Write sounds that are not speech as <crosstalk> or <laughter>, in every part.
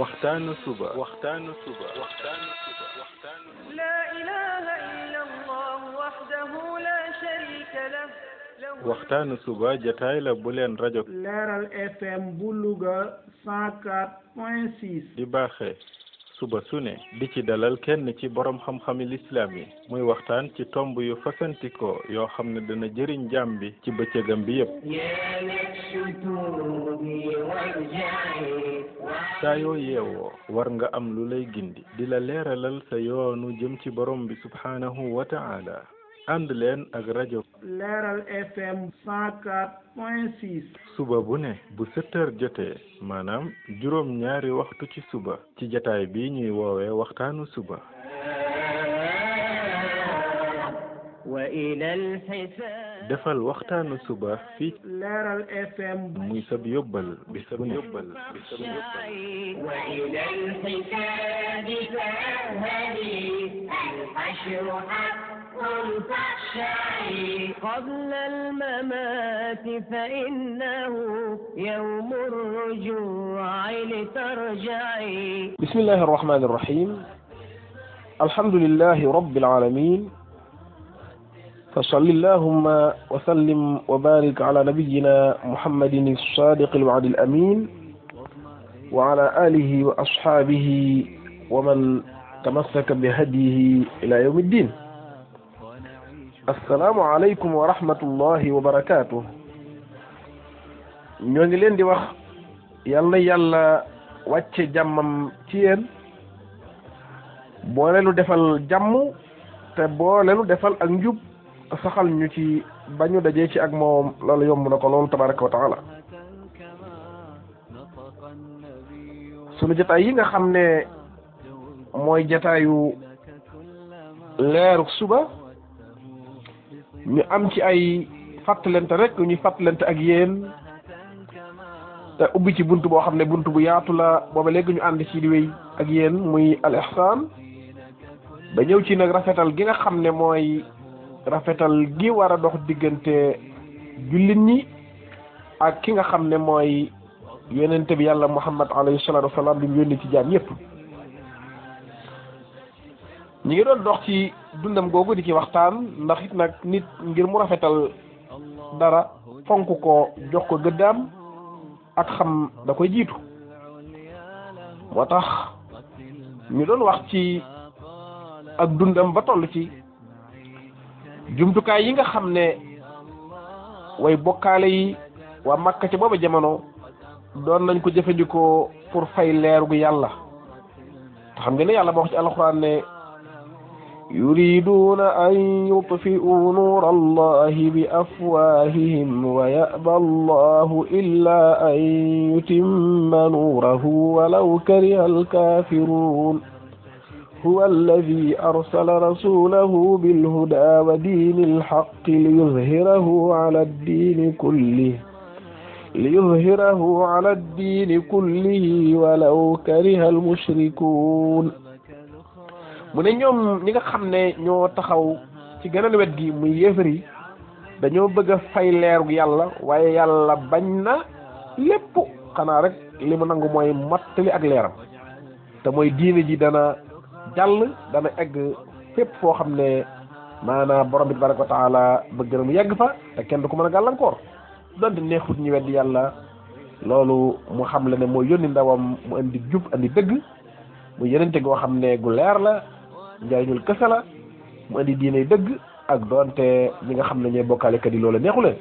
waxtaanu suba waxtaanu suba waxtaanu suba la bu leen rajo leeral fm bu luga cent di baaxe suba su ne di ci dalal kenn ci boroom xam-xami lislaam yi muy waxtaan ci tomb yu fasantikoo yoo xam ne dina jëriñ jaam bi ci bëccëgam bi yépp saa yoo yeewoo war nga am lu lay gindi di la leeralal sa yoonu jëm ci borom bi subhaanahu wa ta'ala ànd leen ak rajo leeral fm 104.6 suba bu ne bu sept jotee maanaam juróom ñaari waxtu ci suba ci jataay bi ñuy woowee waxtaanu suba defal waxtaanu suba fii leeral fm muy sab yóbbal bi sab yóbbal bi sab yóbbal قبل الممات فإنه يوم الرجوع لترجعي بسم الله الرحمن الرحيم الحمد لله رب العالمين فصل اللهم وسلم وبارك على نبينا محمد الصادق الوعد الأمين وعلى آله وأصحابه ومن تمسك بهديه إلى يوم الدين السلام عليكم ورحمة الله وبركاته ñoo ngi leen di wax yal na yàlla wàcce jàmmam ci yéen boo leenu defal jàmm te boo leenu defal ak njub saxal ñu ci bañu dajee ci ak moom loolu yomb na ko loolu tabaraka wa taala sunu jataay yi nga xam ne mooy jataayu leeru suba ñu am ci ay fàttalante rek ñuy fàttalante ak yéen te ubbi ci bunt boo xam ne bunt bu yaatu la booba léegi ñu ànd ci ak yéen muy al ba ñëw ci nag rafetal gi nga xam ne mooy rafetal gi war a dox diggante jullit ñi ak ki nga xam ne mooy yonente bi yàlla muhammad alayhi salatu wasalaam bi mu yónni ci jaam yépp ñi ngi dox ci dundam googu di ci waxtaan ndax it nag nit ngir mu rafetal dara fonk ko jox ko gëddaam ak xam da koy jiitu moo tax ñu doon wax ci ak dundam ba toll ci jumtukaay yi nga xam ne way bokkaale yi waa Makka ci don nañ ko jëfandikoo pour fay leer gu yàlla xam nga ne yàlla ci alxuraan ne yuriduuna an yutfi'u nuura allahi bi afwaahihim wa ya'ba allahu illaa an yutimma nuurahu walaw kariha alkaafiruun هو الذي أرسل رسوله بالهدى ودين الحق ليظهره على الدين كله ليظهره على الدين كله ولو كره المشركون mu ne ñoom ñi nga xam ne ñoo taxaw ci gënal wet gi muy yéefar yi dañoo bëgg a fay leeru yàlla waaye yàlla bañ na lépp xanaa rek li mu nangu mooy mottali ak leeram te mooy diine ji dana jàll dana egg fépp foo xam ne maanaam borom bi tabaraka wa taala bëgg na mu yegg fa te kenn du ko mën a gàllankoor donte neexut ñu weddi yàlla loolu mu xam la ne moo yónni ndawam mu indi jub andi dëgg mu yenente goo xam ne gu leer la njariñul kese la mu indi diine dëgg ak donte ñi nga xam ne ñooy bokkaalekat yi loolu neexu leen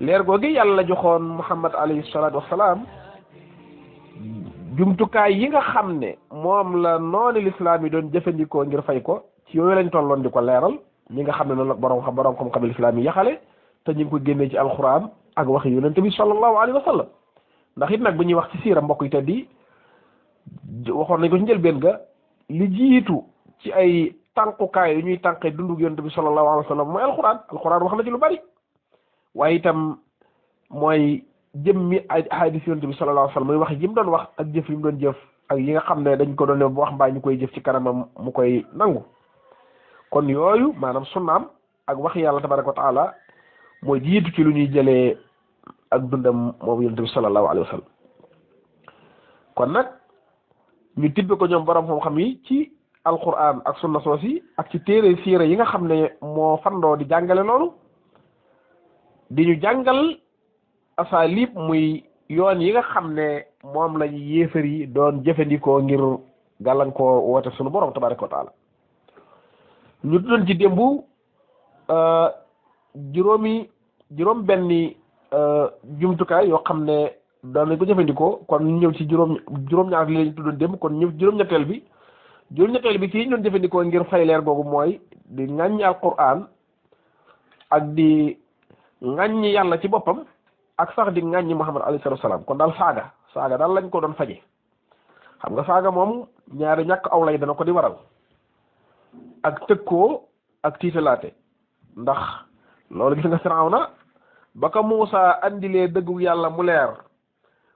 leer googu yàlla joxoon Muhammad alayhi salaatu wasalaam jumtukaay yi nga xam ne moom la noonu lislaam yi doon jëfandikoo ngir fay ko ci yooyu lañ tolloon di ko leeral ñi nga xam ne noonu la borom xam borom xam-xam lislaam yi yaxale te ñu ngi ko génnee ci alxuraan ak waxi yonent bi sallallahu alayhi wa sallam ndax it nag bu ñuy wax ci siira mbokk yi te di waxoon nañ ko ci njëlbeen ga li jiitu ci ay tànqukaay yu ñuy tànqee dundug yonent bi sallallahu alayhi wa sallam mooy alxuraan alxuraan wax na ci lu bari waaye itam jëmmi ay hadis yonent bi sallallahu alayhi wasallam muy wax yi mu doon wax ak jëf yi mu doon jëf ak yi nga xam ne dañ ko doon wax mbaa ñu koy jëf ci kanamam mu koy nangu yooyu maanaam sunnaam ak wax yàlla tabaraka wa taala mooy jiitu ci lu ñuy jëlee ak dundam moom yonent bi sallallahu alayhi wasallam kon nag ñu tibbe ko ñoom borom xam-xam yi ci alquran ak sunna soosi ak ci téere siira yi nga xam ne moo fandoo di jàngale loolu di ñu jàngal asalib muy yoon yi nga xam ne moom lañu yéefar yi doon jëfandikoo ngir gàllankoo woote sunu borom tabaraka wa taala ñu tuddoon ci démb euh, juróomi juróom benni euh, jumtukaay yoo xam ne doon nañ ko jëfandikoo kon ñëw ci juróom juróom-ñaar li lañ tuddoon kon ñëw juróom-ñetteel bi juróom-ñetteel bi ci ñu doon jëfandikoo ngir fayleer leer googu mooy di ŋàññi alquran ak di ŋàññi yàlla ci boppam ak sax di ŋàññi Muhammad alayhi salaatu wa salaam kon daal saaga saaga daal lañ ko doon faje xam nga saaga moom ñaari ñàkk aw lay dana ko di waral ak tëkkoo ak tiitalaate ndax loolu gis nga Firawna ba ko Muusa andilee dëggu yàlla mu leer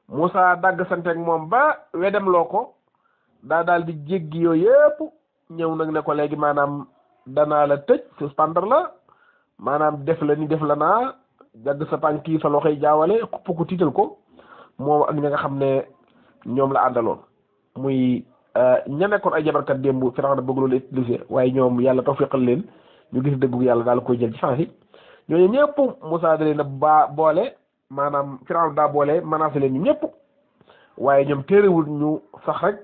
Muusa dagg santeeg moom ba dem loo ko daa daal di jéggi yooyu yëpp ñëw nag ne ko léegi maanaam danaa la tëj suspendre la maanaam def la ni def la naa jagg sa tànk yi sa loxoy jaawale xupp ko tiital ko moom ak ña nga xam ne ñoom la àndaloon muy euh, ña nekkoon ay jabarkat démb Firawna bëgg loolu utiliser waaye ñoom yàlla tawfiqal leen ñu gis dëggu yàlla daal koy jël ci ñooñu ñëpp Moussa da leen a baa boole maanaam Firawna daa boole menacé leen ñu ñëpp waaye ñoom téerewul ñu sax rek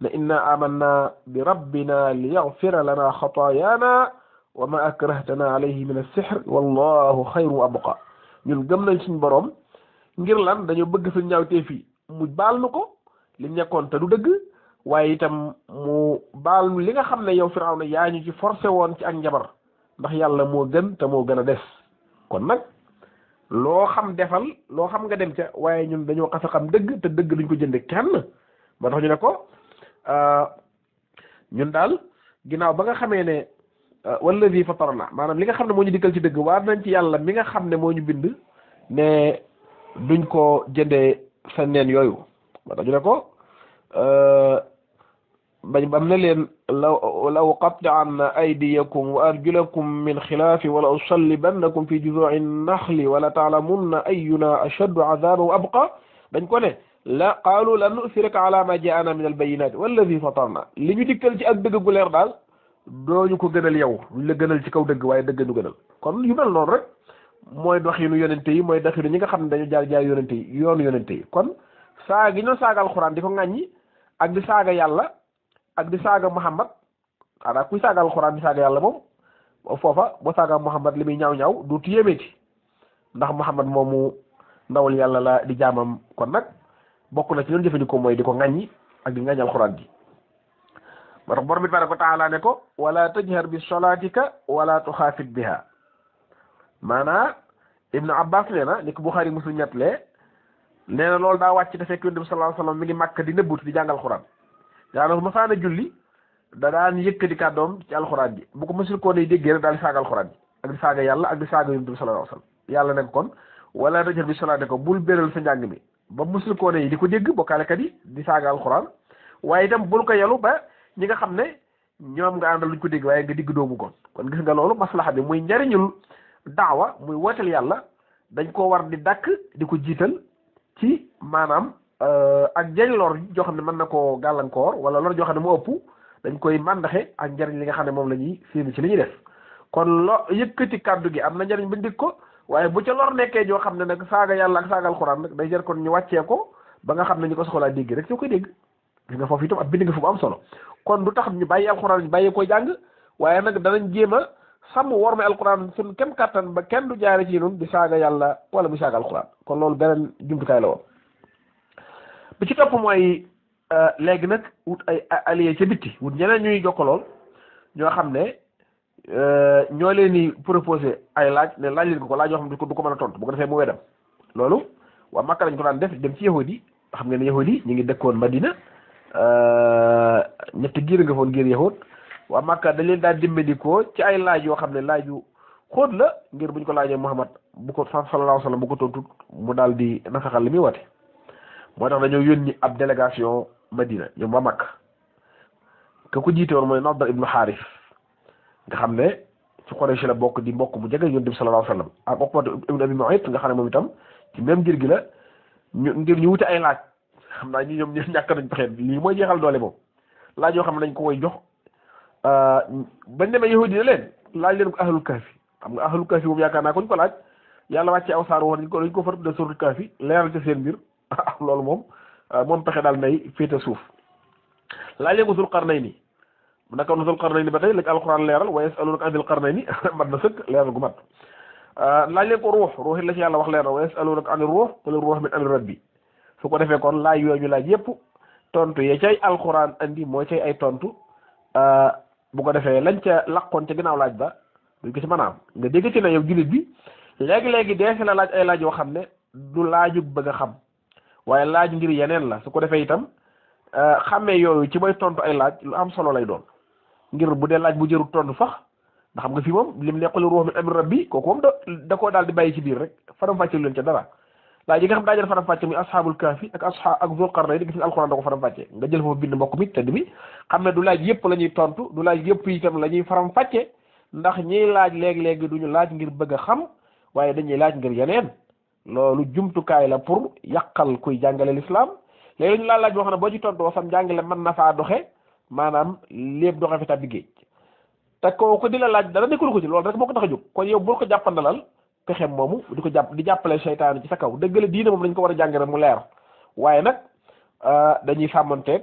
na inna amanna bi rabbina li yaxfira lana xataayaana wa ma akrahtanaa alayhi min as-sihr wallahu xayru wa abqa ñun gëm nañ suñu boroom ngir lan dañoo bëgg suñ ñaawteef yi mu baal nu ko li nekkoon te du dëgg waaye itam mu baal nu li nga xam ne yow na yaa ñu ci forcé woon ci ak njabar ndax yàlla moo gën te moo gën a des kon nag loo xam defal loo xam nga dem ca waaye ñun dañoo xas xam dëgg te dëgg luñ ko jënde kenn ba tax ñu ne ko ah, ñun daal ginnaaw ba nga xamee ne Euh, wallazi fatarna maanaam li nga xam ne moo ñu dikkal ci dëgg waar nañ ci yàlla mi nga xam ne moo ñu bind ne duñ ko jëndee seen neen yooyu ba ne ko euh, bañ bam ne leen law la uqatti'anna aydiyakum wa arjulakum min xilaaf wala usallibannakum fi juzu'i naxli wala ta'lamunna ayyuna ashaddu 'adaban wa abqa dañ ko ne la qaalu lan nu'thiraka ala ma ja'ana min al bayyinat wallazi fatarna li ñu dikkal ci ak dëgg gu leer daal ñu ko gënal yow ñu la gënal ci kaw dëgg waaye dëgg ñu gënal kon yu mel noonu rek mooy doxinu yonente yi mooy doxinu ñi nga xam ne dañu jaar jaar yonente yi yoonu yonente yi kon saaga gi ñu alxuraan di ko ŋàññi ak di saaga yàlla ak di saaga muhammad xanaa kuy saaga di saaga yàlla moom foofa boo saaga muhammad li muy ñaaw ñaaw dootu yéemeeti ndax muhammad moomu ndawal yàlla la di jaamam kon nag bokk na ci loolu jëfandikoo mooy di ko ŋàññi ak di ŋàññi alxuraan ba tax borom bi tabaraka wa taala ko wala tajhar bi salaatika wala tuxaafit biha maanaa ibnu abbas nee na ni ko buxaari muslim ñettlee nee na loolu daa wàcc te fekk yonent bi sallallahu alayhi wasallam mi ngi màkk di nëbbut di jàng alxuraan daana su ma saana julli da daan yëkkati kàddoom ci alxuraan bu ko mësul koo day déggee rek daal di saaga yàlla ak di saaga yonent bi sallallahu alayhi wasallam yàlla ne ko kon ko bul béral sa njàng mi ba mësul koo yi di ko dégg bokkaalekat yi di saaga alxuraan waaye itam bul ko yalu ba ñi nga xam ne ñoom nga àndal luñ ko dégg waaye nga digg doomu kon kon gis nga loolu maslaxa bi muy njariñul daawa muy wooteel yàlla dañ ko war di dàkk di ko jiital ci maanaam euh, ak njëriñ lor joo xam ne mën na koo gàllankoor wala lor joo xam ne mu ëpp dañ koy màndaxe ak njariñ li nga xam ne moom la ñuy séenu ci li ñuy def kon lo yëkkati kàddu gi am na njariñ bañ dégg ko waaye bu ca lor nekkee joo xam ne nag saaga yàlla ak saaga alxuraan nag day jar kon ñu wàccee ko ba nga xam ne ñu ko soxlaa dégg rek ñoo koy dégg gis nga foofu itam ab bind nga fu mu am solo kon du tax ñu bàyyi alxuraan ñu bàyyi ko jàng waaye nag danañ jéem a sàmm war ma alxuraan sun kem kàttan ba kenn du jaare ci ñun di saaga yàlla wala mu saaga alxuraan kon loolu beneen jumtukaay la woon ci topp mooy euh, léegi nag wut ay alliés ca bitti wut ñeneen ñuy jokkalool ñoo xam ne euh, ñoo leen di proposé ay laaj ne laaj leen ko ko laaj yoo xam ne mën tontu bu defee mu weddam loolu waa Makka lañ ko daan def dem ci yahudi xam ngeen ne yahudi ñu ngi dëkkoon Madina Euh, ñetti giir nga foon ngir yahut waa Makka dañ leen daan ko ci ay laaj yoo xam ne laaju xóot la ngir buñ ko laajee Muhammad bu ko sallallahu alayhi wa sallam bu ko tontu mu daal di nasaxal li muy wate moo tax dañoo yónni ab délégation Madina ñoom waa Makka ka ko jiite woon mooy Nadr ibnu Xaaris nga xam ne ci Quraysh la bokk di mbokk bu jege Yonent bi sallallahu alayhi wa sallam ak Uqba ibnu Abi Mu'ayt nga xam ne moom itam ci même ngir gi la ñu ngir ñu wuti ay laaj. xam naa ñu ñoom ñoom ñàkk nañ pexe lii mooy jeexal doole moom laaj xam ne dañ ko koy jox euh, bañ demee yahudi ne leen laaj leen ko ahlul kaafi xam nga ahlul kaafi yaakaar naa ko ñu ko laaj yàlla wàccee aw saar woon dañ ko dañ ko far de suratul kaafi leeral seen mbir ah <laughs> loolu moom euh, moom pexe daal nay féete suuf laaj leen ko sul qarnayni naka nu sul qarnayni ba tey la alquran leeral wa yasalunaka anil qarnayni <laughs> mat na sëkk leeral gu mat euh, laaj leen ko ruux ruux it la ci yàlla wax leeral wa yasalunaka anir ruux qul ruux min amri rabbi su ko defee kon laaj yooyu laaj yëpp tontu ye cay alxuraan andi moo cay ay tontu euh, bu ko defee lañ ca laqoon ca ginnaaw laaj ba duñ ko ci mën nga dégg ci na yow jullit bi léegi-léegi deesi la laaj ay laaj yoo xam ne du laaju bëgg a xam waaye laaj ngir yeneen la su ko defee itam euh, xamee yooyu ci bay tontu ay laaj lu am solo lay doon ngir bu dee laaj bu jëru tontu fax ndax xam nga fi moom lim nekkul ruux min amri rabbi kooku moom da da koo daal di bàyyi ci biir rek faram fàcce leen ca dara laaj yi nga xam daa jël faram fàcce muy asxaabul kaafi ak asxaab ak zulqarnayni gis nga ko faram fàcce nga jël foofu bind mbokk mi tëdd mi xam ne du laaj yëpp la ñuy tontu du laaj yëpp itam la ñuy faram fàcce ndax ñiy laaj léeg-léeg duñu laaj ngir bëgg a xam waaye dañuy laaj ngir yeneen loolu jumtukaay la pour yàqal koy jàngale l'islam léegi ñu laaj laaj boo xam ne boo ci tontu sam jàngale mën na faa doxe maanaam lépp doxe fi bi géej te kooku di la laaj dara nekkul ko ci loolu rek moo ko tax a jóg kon yow bul ko jàppandalal pexem moomu di ko jàpp di jàppale seytaane ci sa kaw dëgg la diine moom dañ ko war a jàngale mu leer waaye nag euh, dañuy sàmmanteeg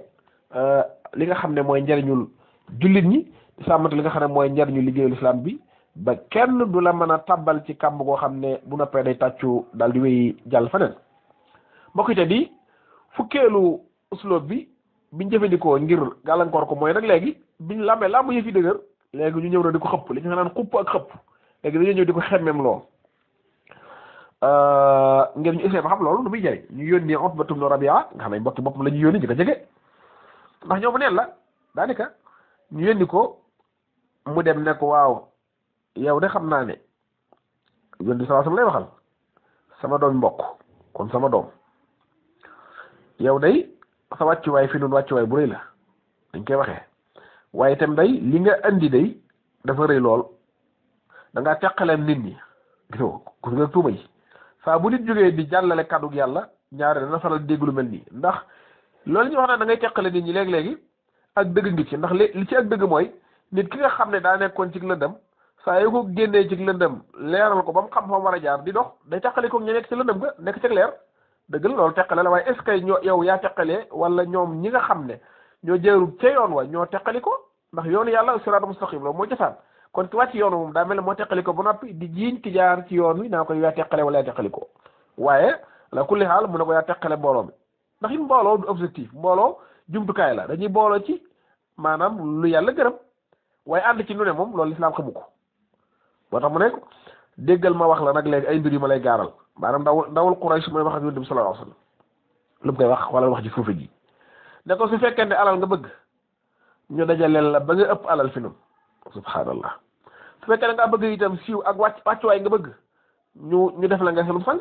euh, li nga xam ne mooy njariñul jullit ñi di sàmmante li nga xam ne mooy njariñu liggéeyul islam bi ba kenn du la mën a tabbal ci kàmb goo xam ne bu noppee day tàccu daal di wéy jàll feneen mbokk te di fukkeelu usloob bi biñ jëfandikoo ngir gàllankoor ko mooy nag léegi biñ lambee lamb yëf yi dëgër léegi ñu ñëw na di ko xëpp li ngir ñu essayé ba xam loolu nu muy jëriñ ñu yónnee Utba ibn Rabi'a nga xam ne mbokki boppam la ñu yónni ñu ko jege ndax ñoom neen la daanaka ñu yónni ko mu dem ne ko waaw yow de xam naa ne yónni saa sama lay waxal sama doom mbokk kon sama doom yow day sa wàccuwaay fi nun wàccuwaay bu rëy la dañ koy waxee waaye itam day li nga andi day dafa rëy lool da ngaa teqaleem nit ñi gis nga gis nga tuuma yi saa bu nit jógee di jàllale kaddu yàlla ñaare dana faral dégg lu mel nii ndax loolu ñuy wax ne da ngay teqale nit ñi léegi-léegi ak dëgg ngi ci ndax li ci ak dëgg mooy nit ki nga xam ne daa nekkoon ci lëndëm saa yu ko génnee ci lëndëm leeral ko ba mu xam fa war a jaar di dox day teqale ko ña nekk ci lëndëm ga nekk ci leer dëgg la loolu teqale la waaye est ce que ñoo yow yaa teqalee wala ñoom ñi nga xam ne ñoo jëru ca yoon wa ñoo teqali ko ndax yoonu yàlla siraatu mustaqim la mooy jëfaan kon tuwaat ci yoon moom daa mel ne moo teqali ko ba noppi di jiiñ ki jaar ci yoon wi naa ko yaa teqale wala yaa teqali ko waaye la kulli xaal mu na ko yaa teqale mbooloo mi ndax it mbooloo du objectif mbooloo jumtukaay la dañuy booloo ci maanaam lu yàlla gërëm waaye ànd ci nu moom loolu lislaam xamu ko boo tax mu ne ma wax la nag léegi ay mbir yu lay gaaral maanaam ndawul ndawul Quraysh mooy wax ak Yonent bi sallallahu alayhi wasallam lu koy wax wala wax ci suufe ji ne ko su fekkente alal nga bëgg ñu dajaleel la ba nga ëpp alal fi noonu subhaanallah su fekkee da ngaa bëgg itam siiw ak wàcc wàccuwaay nga bëgg ñu ñu def la nga seen sang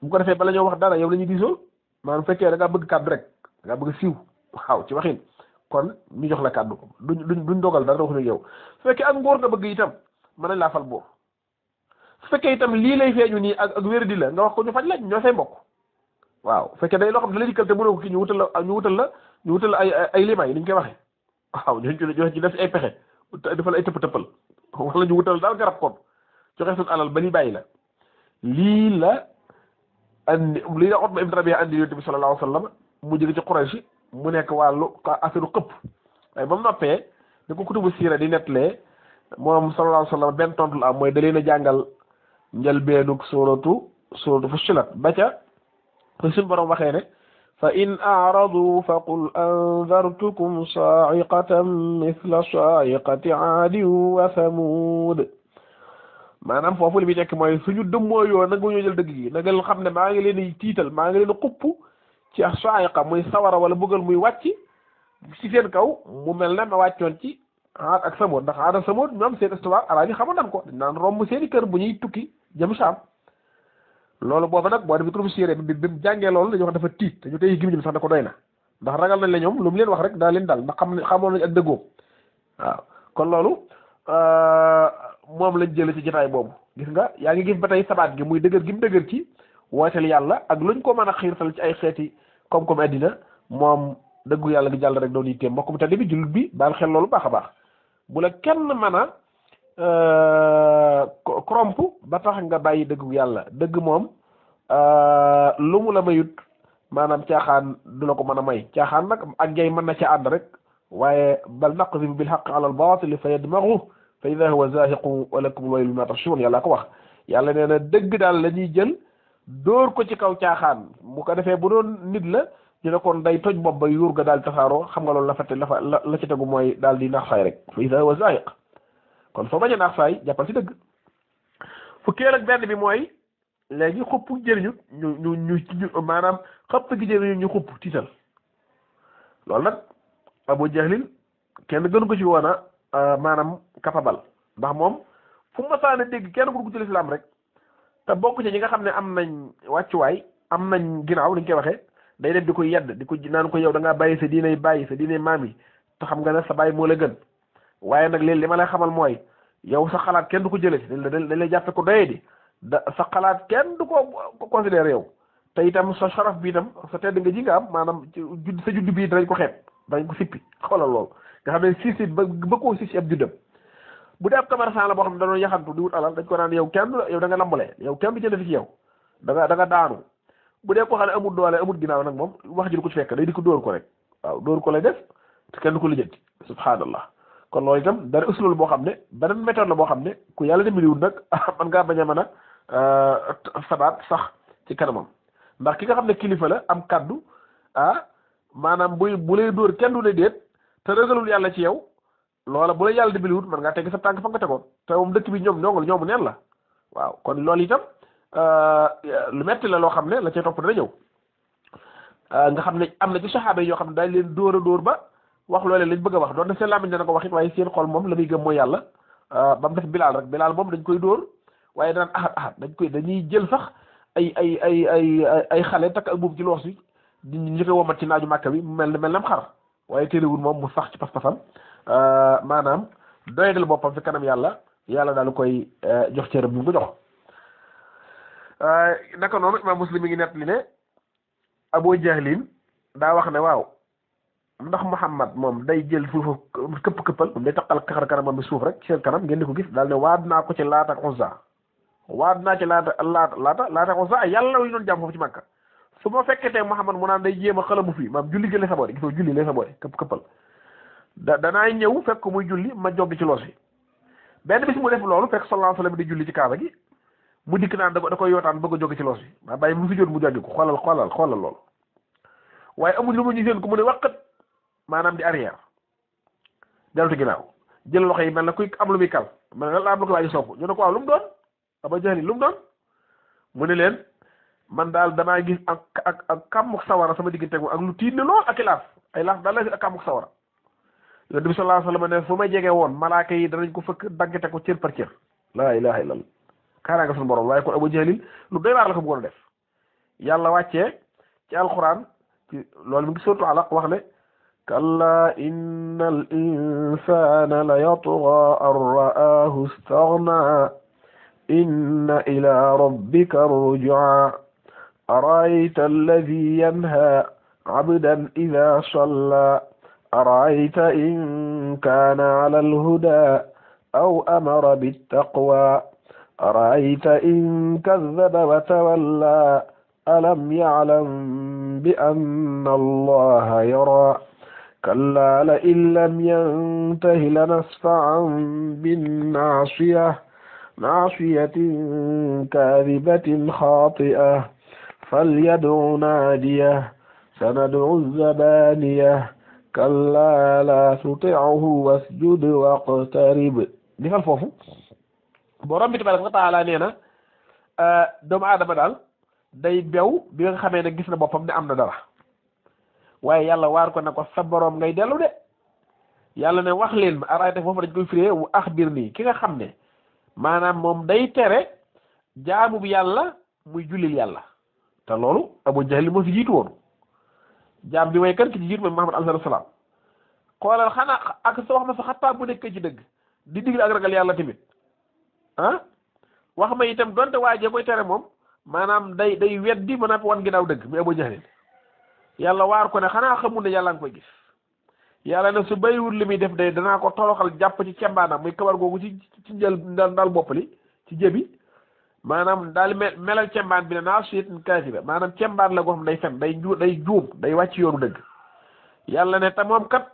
bu ko defee bala ñoo wax dara yow la ñuy maa maanaam fekkee da ngaa bëgg kàddu rek da bëgg siiw waaw ci waxin kon ñu jox la kàddu ko duñ duñ duñ dogal dara waxuñu yow su fekkee ak ngóor nga bëgg itam mën nañ laa fal boobu su fekkee itam lii lay feeñu nii ak ak wér di la nga wax ko ñu faj la ñoo say mbokk waaw fekkee day loo xam ne la dikkal te mënoo ko kii ñu la ñu wutal la ñu wutal la ay ay limaay ni koy waxee waaw ñu ci def defal ay tëpp tëppal wala ñu wutal daal garab kon joxe suñu alal ba ñu la lii la andi lii la Utba ibn Rabi'a andi yonent bi sallallahu alayhi wa sallam mu jóge ci Quraysh mu nekk wàllu affaire xëpp waaye ba mu noppee ni ko kutubu siira di nettalee moom sallallahu alayhi wa sallam benn tontu la mooy da leen a jàngal njëlbeenug sóoratu sóoratu Fussilat ba ca suñu borom waxee ne. فإن أعرضوا فقل أنذرتكم صاعقة مثل صاعقة عاد وثمود maanaam foofu li bi nekk mooy suñu dëmmoo yoo nanga ñu jël dëgg gi na nga xam ne maa ngi leen di tiital maa ngi leen di xupp ci saayiqa muy sawara wala bëggal muy wàcc ci seen kaw mu mel ne ma wàccoon ci Aad ak Samuud ndax Aad ak Samuud ñoom seen histoire araab yi xamoon ko dañ naan romb seeni kër bu ñuy tukki jëm saam loolu booba nag boo demee trouve siéré bi bi mu jàngee loolu dañuy wax dafa tiit te ñu tey gimiñu bi sax da ko doy na ndax ragal nañ la ñoom lu mu leen wax rek daa leen dal ndax xam xamoon nañ ak dëggoom waaw kon loolu euh, moom lañ jëlee ci jotaay boobu gis nga yaa ngi gis ba tey sabaat gi muy dëgër gi mu dëgër ci wooteel yàlla ak luñ ko mën a xiirtal ci ay xeeti koom-koom addina moom dëggu yàlla gi jàll rek doon itteem mbokk mi tali bi jullit bi baal xel loolu baax a baax bu la kenn mën a Euh, kromp ba tax nga bàyyi dëggu yàlla dëgg moom euh, lu mu la mayut maanaam caaxaan du la ko mën a may caaxaan nag ak jay mën na ca ànd rek waaye bal naqdifu bil haqqi ala al baatili fa yadmaghu fa idha huwa zaahiqun wa lakum li ma mimma tasifun yàlla ko wax yàlla nee na dëgg daal la ñuy jël dóor ko ci kaw caaxaan bu ko defee bu doon nit la ñu ne kon day toj bopp ba yuur ga daal tasaaroo xam nga loolu la fàtte la fa la la ci tegu mooy daal di nax saay rek kon soo bañee naax saay jàppal ci dëgg fukkeel ak benn bi mooy léegi xupp jëriñu ñu ñu ñu maanaam xëpp gi jëriñu ñu xupp tiital loolu nag Abu Jahlin kenn gënu ko ci woon a maanaam capable ndax moom fu masaane dégg kenn ku dugg ci lislaam rek te bokk ci ñi nga xam ne am nañ wàccuwaay am nañ ginnaaw liñ koy waxee day def di ko yedd di ko ji naan ko yow da ngaa bàyyi sa diinay bàyyi sa diinay maam yi te xam nga ne sa bàyyi moo la gën waaye nag léegi li ma lay xamal mooy yow sa xalaat kenn du ko jëlee dañ dañ lay jàppe ko doyee di da xalaat kenn du ko considéré yow te itam sa saraf bi itam sa tedd nga nga am maanaam judd sa judd bi dañ ko dañ ko sippi <laughs> xoolal loolu nga xam ne siis it ba ba koo siis ab juddam bu dee ab commerçant la boo xam ne dañoo yaxantu di wut alal dañ ko naan yow kenn yow da nga lambale yow kenn du jëlee ci yow da nga da nga daanu bu dee ko xam ne amul doole amul ginaaw nag moom wax ji du ko ci fekk day di ko dóor ko rek waaw dóor ko lay def te kenn du ko lijjanti subhaanallah kon loolu itam dara boo xam ne beneen méthode la boo xam ne ku yàlla dimbaliwul nag <laughs> man ngaa bañ a mën a euh, sax ci kanamam ndax ki nga xam ne kilifa la am kaddu ah maanaam buy bu lay kenn du ne yàlla ci yow loola bu la yàlla dimbaliwul man ngaa teg sa tànk fa nga dëkk bi ñoom ñoŋul ñoomu neen la waaw kon loolu euh, lu metti la loo xam ne la cay topp dana ñëw euh, nga xam ne am na ci saxaaba yi yoo xam ne dañ leen dóor dóor ba. wax loolee lañ bëgg a wax doonte seen làmmiñ dana ko wax it waaye seen xol moom la muy gëm mooy yàlla euh, ba mu def bilaal rek bilaal moom dañ koy dóor waaye daan ahad ahad dañ koy dañuy jël sax ay ay ay ay ay xale takk ak buum ci loos bi di ñu ko womat ci naaju màkk bi mel mel nam xar waaye téerewul moom mu sax ci pas-pasam euh, maanaam doyadal boppam fi kanam yàlla yàlla daal koy euh, jox cër bi mu ko jox naka noonu imaam muslim mi ngi nett li ne Abu Jahlin daa wax ne waaw ndax Muhammad moom day jël suufu këpp këppal moom day taqal xar kanamam bi suuf rek ko gis daal ne waat naa ko ci laata ak Uzza waat naa ci laata laata laata laata ma fekkee tey a xalamu fii da danaay ñëw fekk muy julli ma jog ci loos bi benn bis mu def loolu di julli ci kaaba gi mu dikk naan a jóge ci loos bi maa bàyyi mu fi jot mu jàngi ko xoolal xoolal xoolal loolu waaye amul lu mu ñu seen ko mu ne waqat maanaam di arrière deltu ginnaaw jël loxo yi mel na kuy am lu muy kal mel na la am lu ko waaji ñu ne ko waaw lu mu doon aba mu ne leen man daal damaa gis ak ak ak sawara sama diggante lu tiit ak ay la gis ak kàmmuk sawara yonent bi sallallahu alayhi may jege woon malaaka danañ ko fëkk daggate ko cër par cër laa ilaha illallah kaaraanga suñu borom lu doy waar la ko bëggoon a def yàlla wàccee ci alxuraan loolu mi ngi surtout alaq wax ne كلا إن الإنسان ليطغى أن رآه استغنى إن إلى ربك الرجعى أرأيت الذي ينهى عبدا إذا صلى أرأيت إن كان على الهدى أو أمر بالتقوى أرأيت إن كذب وتولى ألم يعلم بأن الله يرى كلا لئن لم ينته لنسفعا بالناصية ناصية كاذبة خاطئة فليدع ناديه سندع الزبانية كلا لا تطعه واسجد واقترب defal foofu borom bi tabaaraka wa taala nee na doomu aadama daal day bew bi nga xamee ne gis na boppam ne am na dara waaye yàlla waar ko na ko sa boroom ngay dellu de yàlla ne wax leen ma arayta foofu dañ koy firee wu axbir nii ki nga xam ne maanaam moom day tere jaamu bi yàlla muy jullil yàlla te loolu Abu Jahl moo fi jiitu bi may kan ki ci jiitu mooy Muhammad alayhi xoolal xanaa ak sa wax ma sa ci dëgg di digle ak yàlla tamit ah wax ma itam donte waaje koy tere moom maanaam day day weddi mën a wan ginnaaw dëgg muy Abu Jahl yàlla waar ko ne xanaa xamul ne yàlla nga koy gis yàlla ne su bayiwul li muy def day danaa ko toroxal jàpp ci cembaanam muy kabar googu ci ci jël ndal boppali ci jëbi maanaam daal melal cembaan bi na naa suyet kaasiba maanaam cembaan la goo xam day fen day ju day juum day wàcc yoonu dëgg yàlla ne te moom kat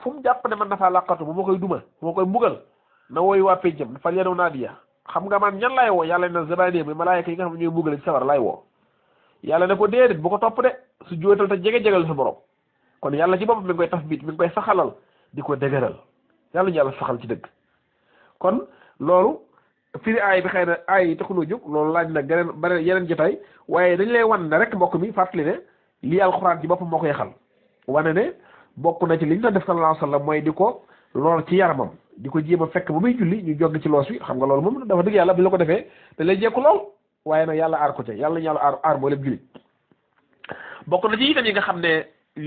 fu mu jàpp ne man dafaa laqatu bu ma koy duma moo koy mbugal na wooyu waa péncam fal yenow naa diya xam nga man ñan laay woo yàlla ne zabaanee bi malaayka yi nga xam ne ñooy mbugal yàlla ne ko déedéet bu ko topp de su jootal te jege-jegal sa borom kon yàlla ci boppam mi ngi koy biit mi ngi koy saxalal di ko dëgëral yàlla ñu yàlla saxal ci dëgg kon loolu firi aay bi xëy na aay yi taxuloo jóg loolu laaj na geneen beneen yeneen jotaay waaye dañ lay wan ne rek mbokk mi fàttali ne lii alxuraan ci boppam moo koy xal wane ne bokk na ci li ñu doon def sallallahu alayhi wasallam mooy di ko lool ci yaramam di ko jéem a fekk ba muy julli ñu jog ci loos wi xam nga loolu yàlla bi la ko defee da lay jekku lool waaye nag yàlla aar ko ca yàlla yàlla aar aar moo leen jullit bokk na ci itam yi nga xam ne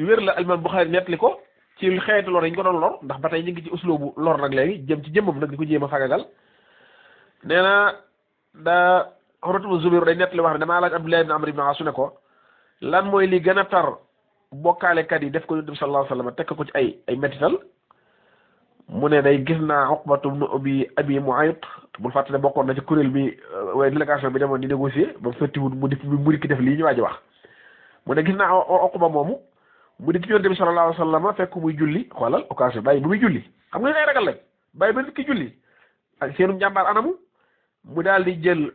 wér la Imam Bukhari nettali ko ci xeetu lor yi ñu ko doon lor ndax ba tey ñu ngi ci usloobu lor nag léegi jëm ci jëmmam nag di ko jéem a fagagal nee na daa Urwatu Zubayr day wax ne damaa laaj Abdullah ibn Amr ne ko lan mooy li gën a tar bokkaalekat yi def ko Yonent bi sallallahu alayhi wasallam tekk ko ci ay ay mu ne day gis naa Uqbatu ibn Abi Abi Mu'ayt mu fàttali bokkoon na ci kuréel bi euh, waaye délégation bi demoon di négocier ba mu fettiwut mu di mu dikki def lii ñu waaj a wax mu ne gis naa Uqba moomu mu dikki yonent bi sallallahu alayhi wa sallam fekk muy julli xoolal occasion bàyyi bu muy julli xam nga ay ragal lañ bàyyi ba nit ki julli ak ah, seenu njàmbaar anamu mu daal di jël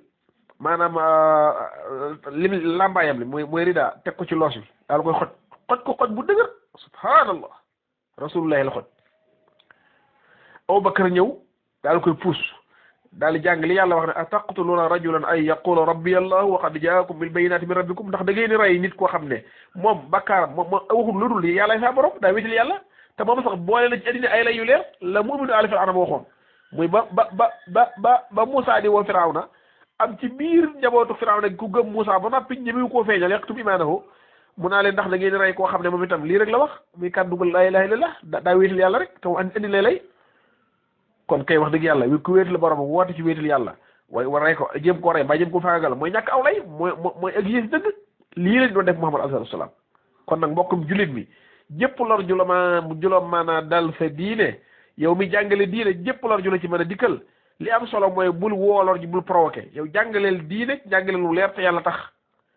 maanaam euh, euh, lambaayam li mooy mooy rida teg ko ci loos bi daal koy xoj xoj ko xoj bu dëgër subhaanallah rasulullah la xoj Abubakar ñëw daal koy puus daal di jàng li yàlla wax ne ataqtuluna rajulan ay yaqula rabbi allah wa qad jaakum bil bayyinati min rabbikum ndax da ngeen di rey nit koo xam ne moom bakkaaram moom moom waxul lu dul yàlla saa borom yàlla te moom sax boole na ci addina ay lay yu leer la ba ba ba ba ba ba Moussa di woo Firawna am ci biir njabootu Firawna ku gëm Moussa ba noppi ñëwi koo feeñal yaqtum imaanahu mu naa leen ndax da ngeen rey koo xam ne moom itam lii rek la wax muy kàddu la ilaha illallah daa wéetal yàlla rek te mu andi lay lay kon kay wax dëgg yàlla ku wéetal borom woote ci wéetal yàlla way war rey ko jéem ko rey mbaa jéem ko faagagal mooy ñàkk aw lay mooy mooy ak yées dëgg lii lañ doon def Muhammad alayhi salaam kon nag mbokkum jullit mi jëpp lor ju ma ju la maanaa dal sa diine yow mi jàngale diine jëpp lor ju la ci mën a dikkal li am solo mooy bul woo lor ji bul provoqué yow jàngaleel diine jàngaleel lu leer yàlla tax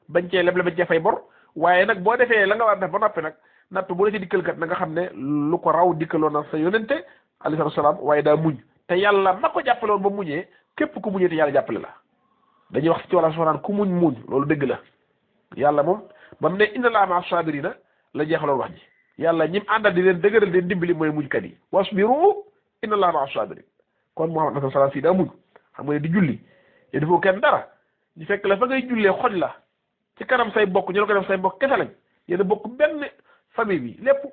bañ cee leble bañ cee fay bor waaye nag boo defee la nga war def ba noppi nag natt boo la ci dikkal kat na nga xam ne lu ko raw dikkaloon na sa yonente alayhi salaam waaye daa muñ te yàlla ma ko jàppale woon ba muñee képp ku muñee te yàlla jàppale la dañuy wax ci wàllu soxnaan ku muñ muñ loolu dëgg la yàlla moom ba mu ne inna laa maa saabiriina la jeexaloon wax ji yàlla ñim àndal di leen dëgëral di leen dimbali mooy muñkat yi wasbiru inna laa maa saabiriin kon Muhammad sallallahu alayhi wasallam fii daa muñ xam nga ne di julli te defoo fekk la fa ngay jullee xoj la ci kanam say bokk ñu ko def say bokk kese lañ yéen a bokk benn famille bi lépp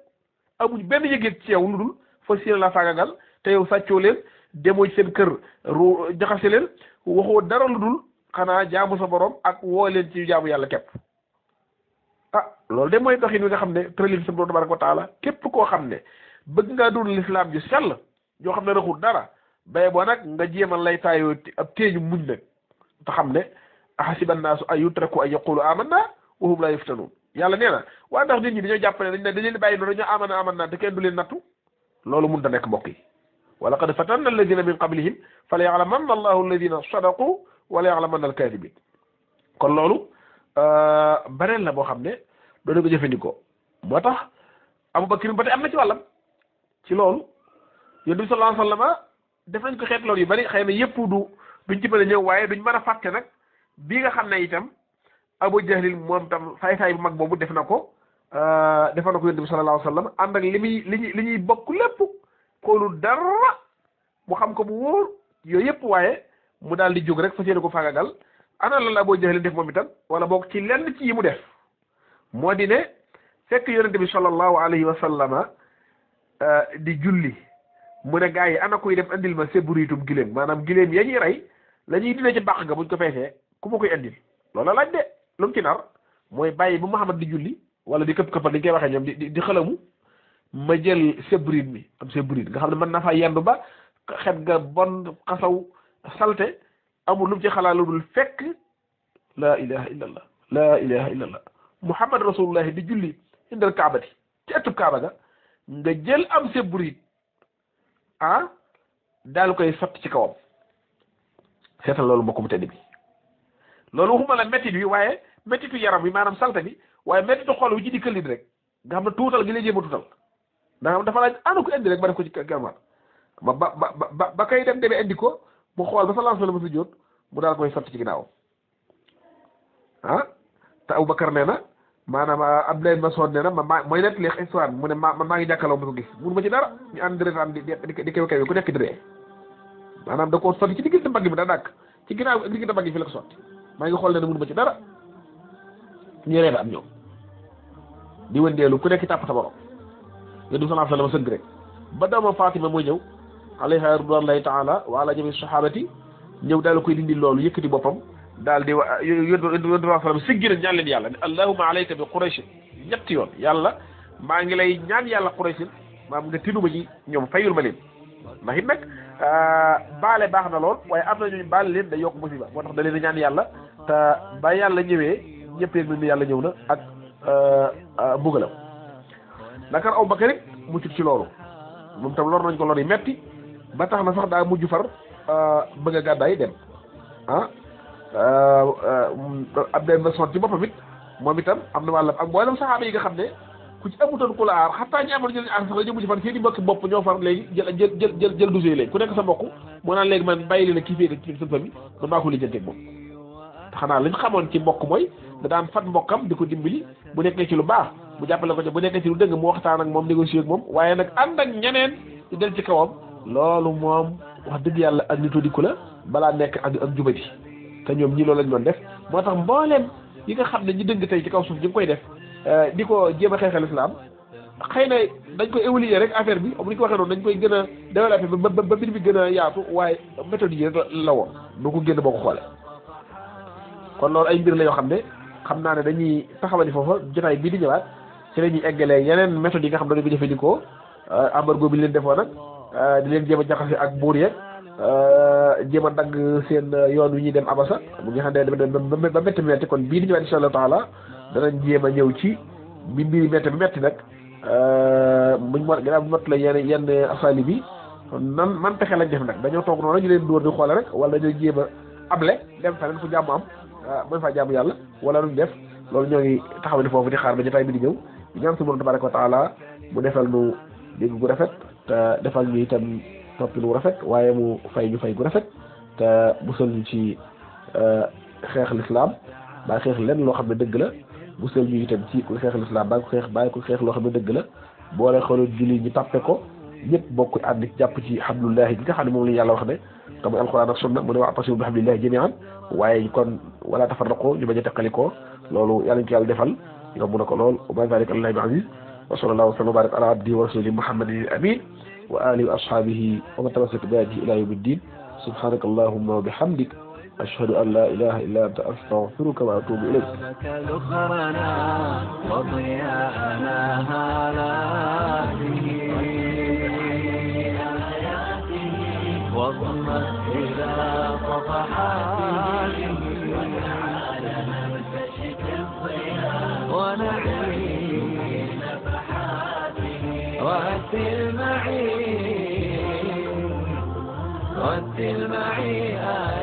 amuñ benn yëg ci yow lu dul fas yéene la faagagal te yow sàccoo leen demoo seen kër ru jaxase leen waxoo dara lu dul xanaa jaamu sa borom ak woo leen ci jaamu yàlla képp ah loolu de mooy doxin wi nga xam ne tëralin sa borom tabaraka wa taala képp koo xam ne bëgg ngaa dund lislaam ju sell yoo xam ne raxul dara bay boo nag nga jéemal lay taayoo ab teeñu muñ nag te xam ne ahasiba annaasu an yutraku an yaqulu amanna wa hum laa yuftanuun yàlla nee na waa ndax nit ñi dañoo ne dañ ne dañ leen bàyyi noonu dañoo amana aman naa te kenn du leen nattu loolu mënut a nekk mbokk yi wa laqad fatanna alladina min qablihim fala yalamanna allahu alladina sadaqu wala yalamanna alkadibin kon loolu euh, beneen la boo xam ne doona ko jëfandikoo moo tax Abubakar ba tey am na ci wàllam ci loolu yonent bi sallallahu alayhi wasallam def nañ ko xeet loolu yu bari xëy na yëpp du duñ ci mën a ñëw waaye duñ mën a fàtte nag bi nga xam ne itam Abu Jahlil moom tam saay-saay bu mag boobu def na ko Euh, defal na ko yonent bi sallallahu alayhi wa ak li muy li ñuy li ñuy bokk lépp xoolul dara mu xam ko bu wóor yooyu yëpp waaye mu daal di jóg rek fas yéene ko faagagal ana lan la Abu Jahl def moom itam wala boog ci lenn ci yi mu def moo di ne fekk yonent bi sallallahu alayhi wa sallama euh, di julli mu ne gaa yi ana koy dem andil ma seburiitum gileem maanaam gileem ya ñuy rey la ñuy dina ci bàq nga buñ ko feesee ku ma koy andil loola laaj de lu mu ci nar mooy bàyyi bu Muhammad di julli. wala di këpp këppal dañ koy waxee ñoom di di di xalamu ma jël sébrit mi am sébrit nga xam ne mën naa faa yendu ba xet ga bon xasaw salte amul lu ci xalaat lu dul fekk laa ilaha illa laa ilaha illa muhammad rasulullahi di julli indal kaabati ci ëttub kaaba ga nga jël am sébrit ah daal koy sotti ci kawam seetal loolu mbokku mu tedd bi loolu waxuma la métit bi waaye métitu yaram bi maanaam salte bi waaye métti xol wu ci di këlin rek nga xam ne tuutal gi lay jéem a tuutal ndax xam dafa ah, ko indi rek ma def ko ci garmaat ba ba ba ba kay dem indi ko mu xool ba sa la ma sa jóot mu daal koy sotti ci ginnaaw ah te na maanaam ah, Abdoulaye Mas'ud nee na ma ma mooy net leex histoire mu ne ma maa ngi jàkkaarloo ma ko gis dara ñu ànd reetaan di di di kew kew ku nekk da koo sotti ci diggante bi la ko maa ngi xool ne mënu ma ci dara ñu reetaan ñoom. di wëndeelu ku nekk tàpp sa borom yéen du sëgg rek ba doomam Fatima mooy ñëw alayha ridwanullahi taala wa ala jami sahabati ñëw daal koy dindi loolu yëkkati boppam daal di wa yéen du yéen du sallam siggi rek ñaan leen yàlla ne allahumma alayka bi quraysh ñetti yoon yàlla maa ngi lay ñaan yàlla quraysh maam nga tinuma ji ñoom fayul ma leen ndax it euh, baale baax na lool waaye am na ñooñu baale leen da yokk musiba moo tax da leen ñaan yàlla te ba yàlla ñëwee ñëpp yëg na ni yàlla ñëw mbugalam euh, euh, Dakar aw Bakar rek muccut ci loolu moom tam lor nañ ko lor yi metti ba tax na sax daa mujj far euh, bëgg a gàddaay dem ah Abdel Nasson ci boppam it moom itam am na wàllam ak mboolem saxaaba yi nga xam ne ku ci amutoon ku la aar xataa ñi amoon jël i bopp ñoo far léegi jël jël jël jël jël douze ku nekk sa mbokk moo naan léegi man bàyyi leen kii fee kii seen famille man maa ko lijjanteeg moom xanaa lañ xamoon ci mbokk mooy da daan fat mbokkam di ko dimbali bu nekkee ci lu baax mu jàppale ko ci bu nekkee ci lu dëgg mu waxtaan ak moom négocier ak moom waaye nag ànd ak ñeneen di del ci kawam loolu moom wax dëgg yàlla ak nitu di ku la balaa nekk ak ak jubadi te ñoom ñii loolu lañ doon def moo tax mbooleem yi nga xam ne ñi dëng tey ci kaw suuf ñu ngi koy def eh, di ko jéem a xeexal islam xëy na dañ ko évoluer rek affaire bi bu ñu ko waxee noonu dañ koy gën a développé ba ba ba mbir bi gën a yaatu waaye méthode yi rek la woon du ko loolu ay mbir la yoo xam ne xam naa ne dañuy taxawal foofa jotaay bii di ñëwaat ci la ñuy eggalee yeneen méthodes yi nga xam ne dañu ko jëfandikoo embargo euh, bi leen defoon nag euh, di leen jéem a ak buur yeeg euh, jéem a dagg seen yoon wi ñuy dem abasa bu nga xam ne ba métti métti kon bii di ñëwaat incha allah taala danañ jéem a ñëw ci bi mbiri métti métti nag buñ mot gannaaw bu mot la yenn yenn asali bi nan man pexe lañ def nag dañoo toog noonu ñu leen dóor di xoole rek wala dañoo jéem a able dem feneen fu am mën faa jàmm yàlla wala lu ñu def loolu ñoo ngi taxaw ni foofu di xaar ba jotaay bi di ñëw di ñaan suñu borom tabaraka wa taala mu defal nu dégg gu rafet te defal ñu itam toppil wu rafet waaye mu fay ñu fay gu rafet te musal ñu ci euh, xeex lislaam baa xeex lenn loo xam ne dëgg la musal ñu itam ci ku xeex lislaam baa ko xeex baa ko xeex loo xam ne dëgg la boole xoolal julli ñu tàppe ko ñëpp bokk ànd jàpp ci hamdulillahi bi nga xam ne moom la ñu yàlla wax ne te muy alquran ak sunna mu ne wa'tasimu bi hablillahi jami'an waaye kon wala tafarraqu ñu bañ a teqalikoo loolu yàlla ñu ko yàlla defal yomb na ko lool wa ma zalika alallahi bi aziz wa sallallahu wa sallam wa barik ala abdihi wa rasulihi muhammadin amin wa alihi wa ashabihi wa man tamassaka bi hadihi ila yawmi ddin subhanaka allahumma wa bihamdik أشهد أن لا إله إلا أنت أستغفرك وأتوب إليك وضياءنا هذا واضمت إلى صفحاته والعالم انتشك الضياء ونعيم نفحاته وأتل معي وأتل معي آه